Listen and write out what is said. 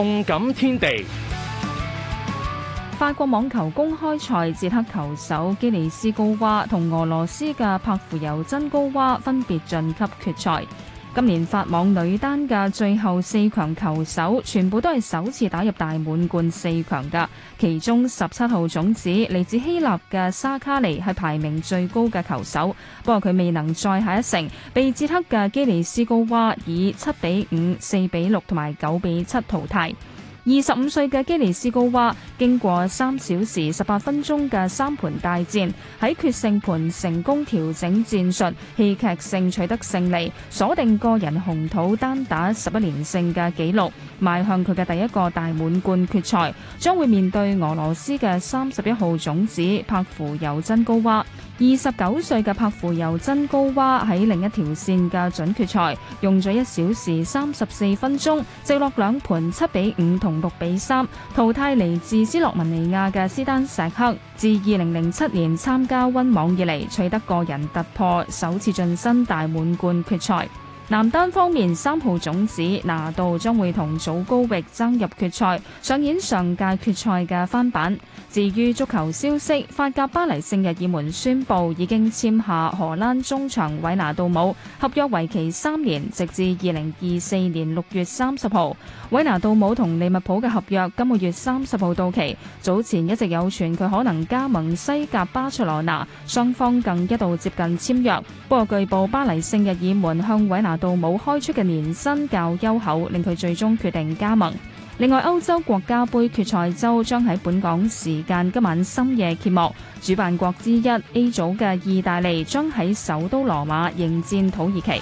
動感天地，法國網球公開賽，捷克球手姬莉絲高娃同俄羅斯嘅帕芙尤珍高娃，分別晉級決賽。今年法網女單嘅最後四強球手，全部都係首次打入大滿貫四強㗎。其中十七號種子嚟自希臘嘅沙卡利係排名最高嘅球手，不過佢未能再下一城，被捷克嘅姬莉絲高娃以七比五、四比六同埋九比七淘汰。二十五歲嘅姬莉絲高娃經過三小時十八分鐘嘅三盤大戰，喺決勝盤成功調整戰術，戲劇性取得勝利，鎖定個人紅土單打十一連勝嘅紀錄，邁向佢嘅第一個大滿貫決賽，將會面對俄羅斯嘅三十一號種子帕芙尤珍高娃。二十九歲嘅帕芺尤珍高娃喺另一條線嘅準決賽，用咗一小時三十四分鐘，直落兩盤七比五同六比三，淘汰嚟自斯洛文尼亞嘅斯丹石克。自二零零七年參加温網以嚟，取得個人突破，首次晉身大滿貫決賽。男單方面，三號種子拿度將會同祖高域爭入決賽，上演上屆決賽嘅翻版。至於足球消息，法甲巴黎聖日耳門宣布已經簽下荷蘭中場韋拿杜姆，合約為期三年，直至二零二四年六月三十號。韋拿杜姆同利物浦嘅合約今個月三十號到期，早前一直有傳佢可能加盟西甲巴塞羅那，雙方更一度接近簽約。不過據報，巴黎聖日耳門向韋拿杜冇開出嘅年薪較優厚，令佢最終決定加盟。另外，歐洲國家杯決賽周將喺本港時間今晚深夜揭幕，主辦國之一 A 組嘅意大利將喺首都羅馬迎戰土耳其。